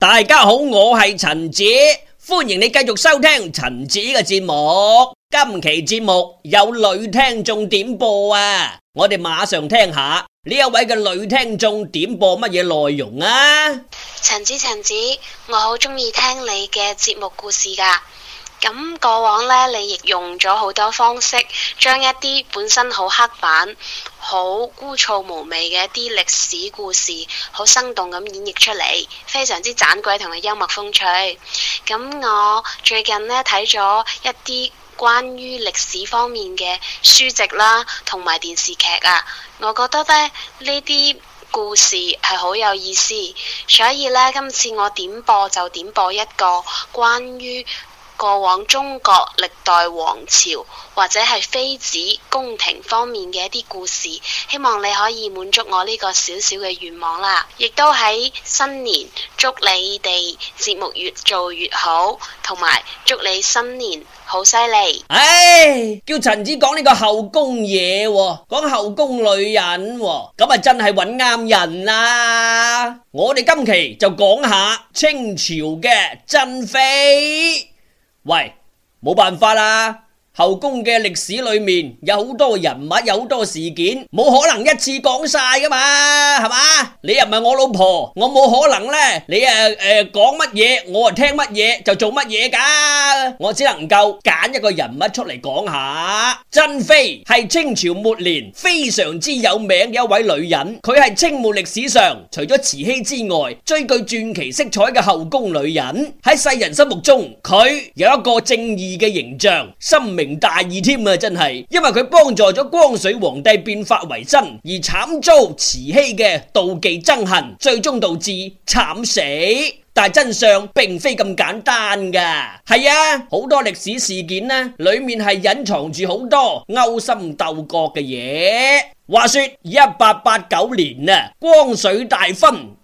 大家好，我係陳子，歡迎你繼續收聽陳子嘅節目。今期節目有女聽眾點播啊，我哋馬上聽下呢一位嘅女聽眾點播乜嘢內容啊？陳子，陳子，我好中意聽你嘅節目故事噶。咁過往呢，你亦用咗好多方式，將一啲本身好黑板、好枯燥無味嘅一啲歷史故事，好生動咁演繹出嚟，非常之盞鬼同埋幽默風趣。咁我最近呢，睇咗一啲關於歷史方面嘅書籍啦，同埋電視劇啊，我覺得呢，呢啲故事係好有意思，所以呢，今次我點播就點播一個關於。過往中國歷代王朝或者係妃子宮廷方面嘅一啲故事，希望你可以滿足我呢個小小嘅願望啦。亦都喺新年祝你哋節目越做越好，同埋祝你新年好犀利。唉、哎，叫陳子講呢個後宮嘢，講後宮女人咁啊，真係揾啱人啦。我哋今期就講下清朝嘅珍妃。喂，冇辦法啦。後宮嘅歷史裏面有好多人物，有好多事件，冇可能一次講晒噶嘛，係嘛？你又唔係我老婆，我冇可能呢。你誒誒講乜嘢，我啊聽乜嘢就做乜嘢噶，我只能夠揀一個人物出嚟講下。珍妃係清朝末年非常之有名嘅一位女人，佢係清末歷史上除咗慈禧之外最具傳奇色彩嘅後宮女人。喺世人心目中，佢有一個正義嘅形象，心。名大義添啊，真係，因為佢幫助咗光水皇帝變法維真，而慘遭慈禧嘅妒忌憎恨，最終導致慘死。但係真相並非咁簡單噶，係啊，好多歷史事件呢，裏面係隱藏住好多勾心鬥角嘅嘢。話說一八八九年啊，光水大婚。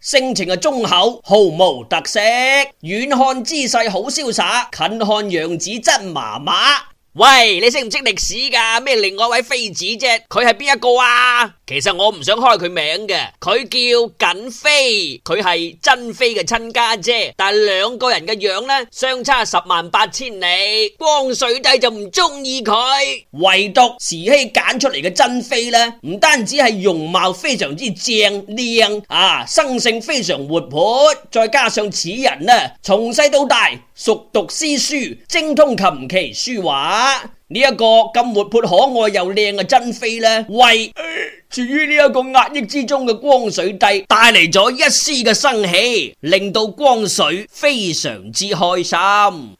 性情係忠厚，毫無特色。遠看姿勢好瀟灑，近看樣子真麻麻。喂，你識唔識歷史噶？咩另外一位妃子啫？佢係邊一個啊？其實我唔想開佢名嘅，佢叫瑾妃，佢係珍妃嘅親家姐，但係兩個人嘅樣子呢，相差十萬八千里。光緒帝就唔中意佢，唯獨慈禧揀出嚟嘅珍妃呢，唔單止係容貌非常之正靚啊，生性非常活潑，再加上此人呢，從細到大熟讀詩書，精通琴棋書畫。呢一個咁活潑可愛又靚嘅珍妃呢，為處、呃、於呢一個壓抑之中嘅光緒帝帶嚟咗一絲嘅生氣，令到光緒非常之開心。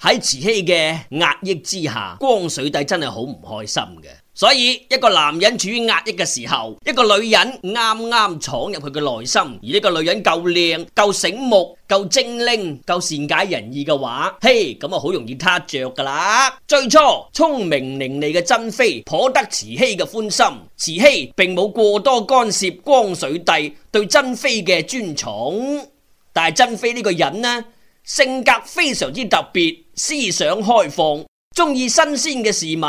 喺慈禧嘅壓抑之下，光緒帝真係好唔開心嘅。所以一個男人處於壓抑嘅時候，一個女人啱啱闖入佢嘅內心，而呢個女人夠靚、夠醒目、夠精靈、夠善解人意嘅話，嘿，咁啊好容易撻着噶啦。最初聰明伶俐嘅珍妃頗得慈禧嘅歡心，慈禧並冇過多干涉光緒帝對珍妃嘅尊寵，但係珍妃呢個人呢，性格非常之特別，思想開放。中意新鮮嘅事物，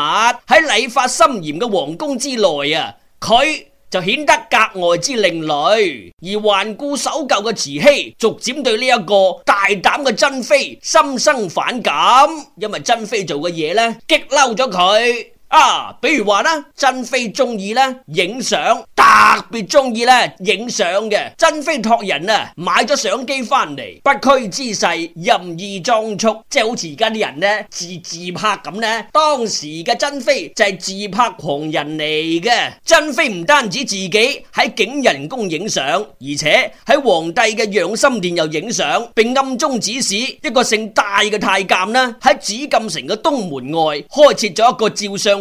喺禮法森嚴嘅皇宮之內啊，佢就顯得格外之另類，而頑固守舊嘅慈禧逐漸對呢一個大膽嘅珍妃心生反感，因為珍妃做嘅嘢呢激嬲咗佢。啊，比如話啦，珍妃中意咧影相，特別中意咧影相嘅。珍妃託人啊買咗相機翻嚟，不拘姿勢，任意裝束，即係好似而家啲人咧自自拍咁咧。當時嘅珍妃就係自拍狂人嚟嘅。珍妃唔單止自己喺景仁宮影相，而且喺皇帝嘅養心殿又影相，並暗中指使一個姓戴嘅太監咧喺紫禁城嘅東門外開設咗一個照相。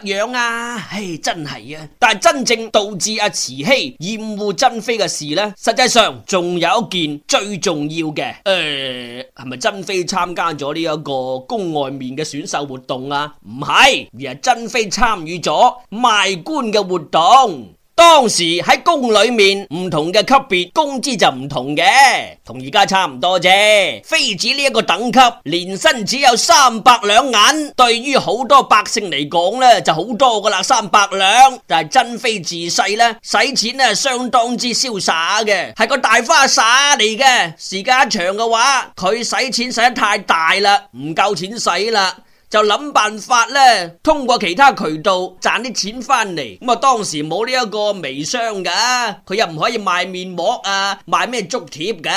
樣啊，唉、哎，真係啊！但係真正導致阿慈禧厭惡珍妃嘅事呢，實際上仲有一件最重要嘅，誒、呃，係咪珍妃參加咗呢一個宮外面嘅選秀活動啊？唔係，而係珍妃參與咗賣官嘅活動。當時喺宮裏面唔同嘅級別工資就唔同嘅，同而家差唔多啫。妃子呢個等級年薪只有三百兩銀，對於好多百姓嚟講呢，就好多㗎喇，三百兩。但係珍妃自細呢，使錢咧係相當之瀟灑嘅，係個大花灑嚟嘅。時間一長嘅話，佢使錢使得太大啦，唔夠錢使啦。就諗辦法咧，通過其他渠道賺啲錢翻嚟。咁、嗯、啊，當時冇呢一個微商噶，佢又唔可以賣面膜啊，賣咩足貼噶，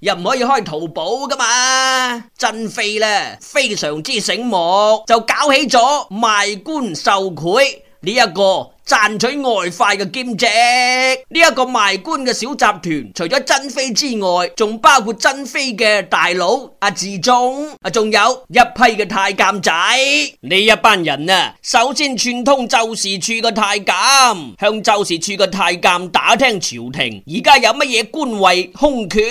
又唔可以開淘寶噶嘛。珍妃呢，非常之醒目，就搞起咗賣官受賄呢一個，賺取外快嘅兼職，呢、這、一個賣官嘅小集團，除咗珍妃之外，仲包括珍妃嘅大佬阿志、啊、忠，啊，仲有一批嘅太監仔。呢一班人啊，首先串通奏事處嘅太監，向奏事處嘅太監打聽朝廷而家有乜嘢官位空缺。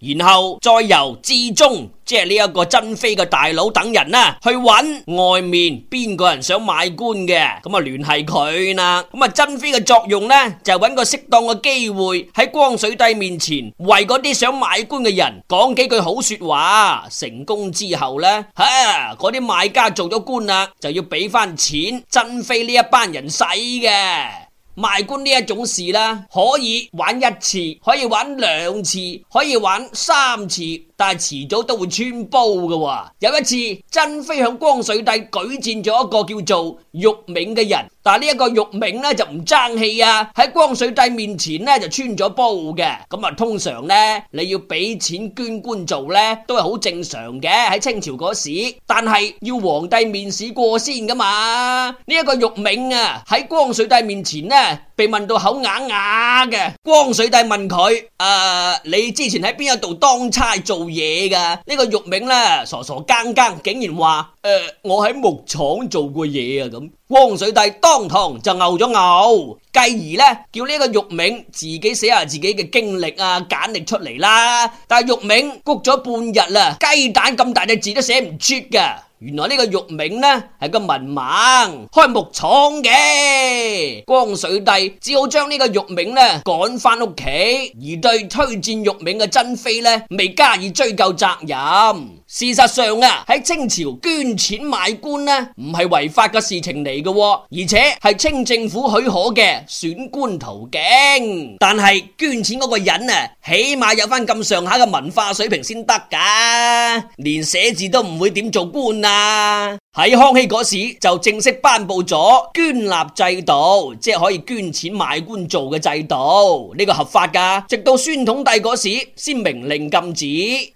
然後再由之中，即係呢一個珍妃嘅大佬等人啦，去揾外面邊個人想買官嘅，咁啊聯繫佢啦。咁啊珍妃嘅作用呢，就係揾個適當嘅機會喺光水帝面前，為嗰啲想買官嘅人講幾句好說話。成功之後呢，吓嗰啲買家做咗官啦，就要俾翻錢珍妃呢一班人使嘅。賣官呢種事啦，可以玩一次，可以玩兩次，可以玩三次。但係遲早都會穿煲嘅喎。有一次，珍妃向光緒帝舉薦咗一個叫做玉銘嘅人，但係呢一個玉銘呢，就唔爭氣啊，喺光緒帝面前呢，就穿咗煲嘅。咁啊，通常呢，你要俾錢捐官做呢，都係好正常嘅，喺清朝嗰時。但係要皇帝面試過先噶嘛。呢、這、一個玉銘啊，喺光緒帝面前呢，被問到口啞啞嘅。光緒帝問佢：誒、呃，你之前喺邊一度當差做嘢噶，呢個玉銘咧傻傻更更，竟然話，誒、呃、我喺木廠做過嘢啊。咁，光緒帝當堂就牛咗牛，繼而咧叫呢個玉銘自己寫下自己嘅經歷啊簡歷出嚟啦，但係玉銘谷咗半日啦，雞蛋咁大隻字都寫唔出噶。原來呢個玉銘咧，係個文盲，開木廠嘅。光緒帝只好將呢個玉銘呢趕翻屋企，而對推薦玉銘嘅珍妃呢，未加以追究責任。事實上啊，喺清朝捐錢買官呢，唔係違法嘅事情嚟嘅，而且係清政府許可嘅選官途徑。但係捐錢嗰個人啊，起碼有返咁上下嘅文化水平先得㗎，連寫字都唔會點做官啊。喺康熙嗰時就正式頒布咗捐納制度，即係可以捐錢買官做嘅制度，呢、這個合法㗎。直到宣統帝嗰時先明令禁止。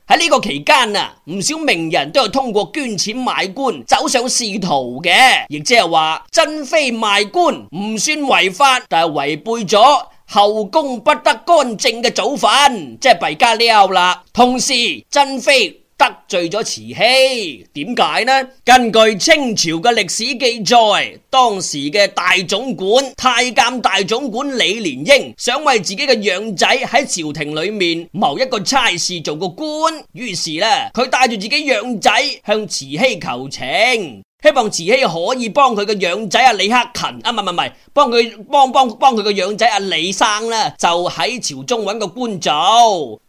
喺呢個期間啊，唔少名人都係通過捐錢買官走上仕途嘅，亦即係話珍妃賣官唔算違法，但係違背咗後宮不得干政嘅祖訓，即係弊家料啦。同時，珍妃。得罪咗慈禧，點解呢？根據清朝嘅歷史記載，當時嘅大總管太監大總管李蓮英想為自己嘅養仔喺朝廷裏面謀一個差事，做個官。於是呢，佢帶住自己養仔向慈禧求情，希望慈禧可以幫佢嘅養仔阿李克勤啊，唔係唔係，幫佢幫幫幫佢嘅養仔阿李生啦，就喺朝中揾個官做。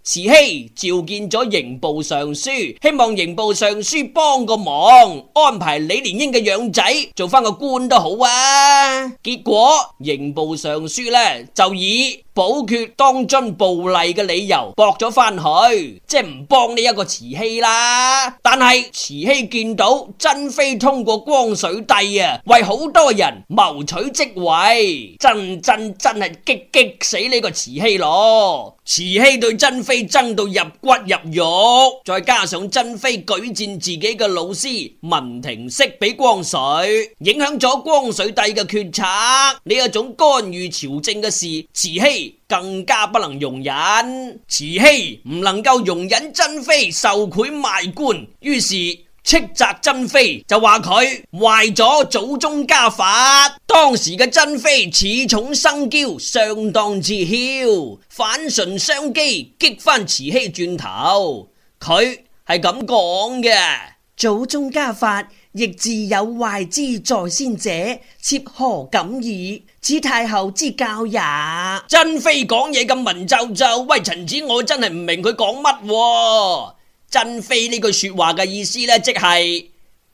慈禧召見咗刑部尚書，希望刑部尚書幫個忙，安排李蓮英嘅養仔做翻個官都好啊結果刑部尚書呢，就以保決當尊暴戾嘅理由駁咗翻佢，即係唔幫呢一個慈禧啦。但係慈禧見到珍妃通過光緒帝啊，為好多人謀取職位，真真真係激激死呢個慈禧咯。慈禧對珍妃憎到入骨入肉，再加上珍妃舉薦自己嘅老師文廷式俾光緒，影響咗光緒帝嘅決策，呢一種干預朝政嘅事，慈禧更加不能容忍。慈禧唔能夠容忍珍妃受賄賣，賣官，於是，斥責珍妃，就話佢壞咗祖宗家法。當時嘅珍妃恃寵生驕，相當之囂，反唇相譏，激翻慈禧轉頭。佢係咁講嘅，祖宗家法亦自有壞之在先者，妾何敢爾？此太后之教也。珍妃講嘢咁文縐縐，喂，陳子，我真係唔明佢講乜。珍妃呢句說話嘅意思呢，即係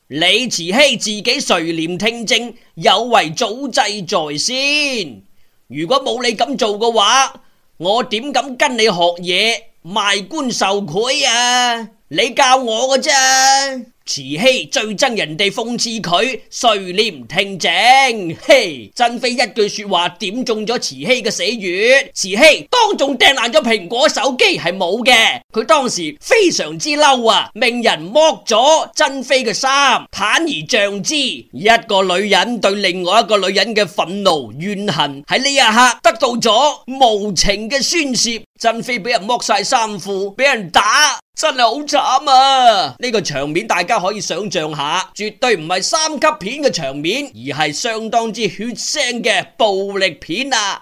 李慈禧自己垂簾聽政，有違祖制在先。如果冇你咁做嘅話，我點敢跟你學嘢賣官受賄啊？你教我嘅啫。慈禧最憎人哋諷刺佢，雖你唔聽證，嘿，珍妃一句說話點中咗慈禧嘅死穴。慈禧當眾掟爛咗蘋果手機係冇嘅，佢當時非常之嬲啊！命人剝咗珍妃嘅衫，坦而象之，一個女人對另外一個女人嘅憤怒怨恨喺呢一刻得到咗無情嘅宣洩。珍妃俾人剝晒衫褲，俾人打。真係好慘啊！呢個場面大家可以想象下，絕對唔係三級片嘅場面，而係相當之血腥嘅暴力片啊！啊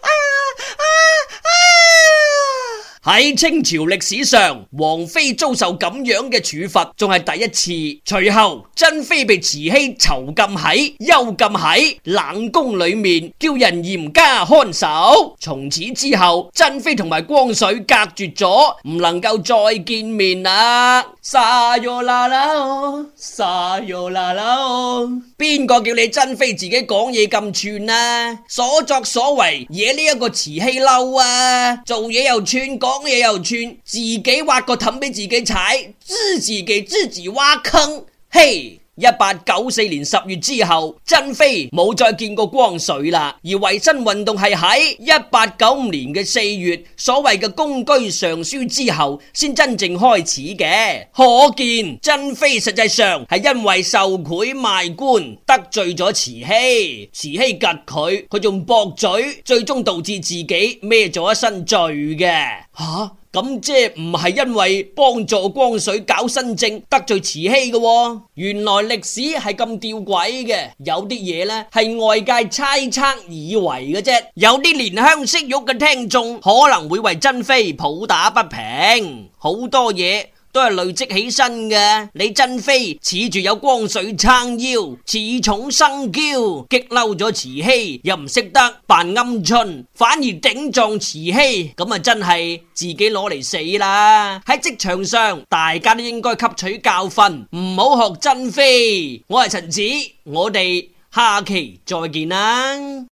啊啊啊喺清朝歷史上，王妃遭受咁樣嘅處罰仲係第一次。隨後，珍妃被慈禧囚禁喺幽禁喺冷宮裏面，叫人嚴加看守。從此之後，珍妃同埋光緒隔絕咗，唔能夠再見面啦。沙喲啦啦哦，沙喲啦啦哦，邊個叫你珍妃自己講嘢咁串啊？所作所為惹呢一個慈禧嬲啊！做嘢又串講。講嘢又寸，自己挖個凼俾自己踩，自己給自己，自己挖坑，嘿。一八九四年十月之後，珍妃冇再見過光緒啦。而維新運動係喺一八九五年嘅四月，所謂嘅公車上書之後，先真正開始嘅。可見珍妃實際上係因為受賄賣，賣官得罪咗慈禧，慈禧及佢，佢仲駁嘴，最終導致自己孭咗一身罪嘅。啊咁即係唔係因為幫助光緒搞新政得罪慈禧嘅、哦，原來歷史係咁吊詭嘅，有啲嘢呢係外界猜測以為嘅啫，有啲憐香惜玉嘅聽眾可能會為珍妃抱打不平，好多嘢。都係累積起身嘅，你珍妃恃住有光緒撐腰，恃寵生驕，激嬲咗慈禧，又唔識得扮鵪鶉，反而頂撞慈禧，咁啊真係自己攞嚟死啦！喺職場上，大家都應該吸取教訓，唔好學珍妃。我係陳子，我哋下期再見啦。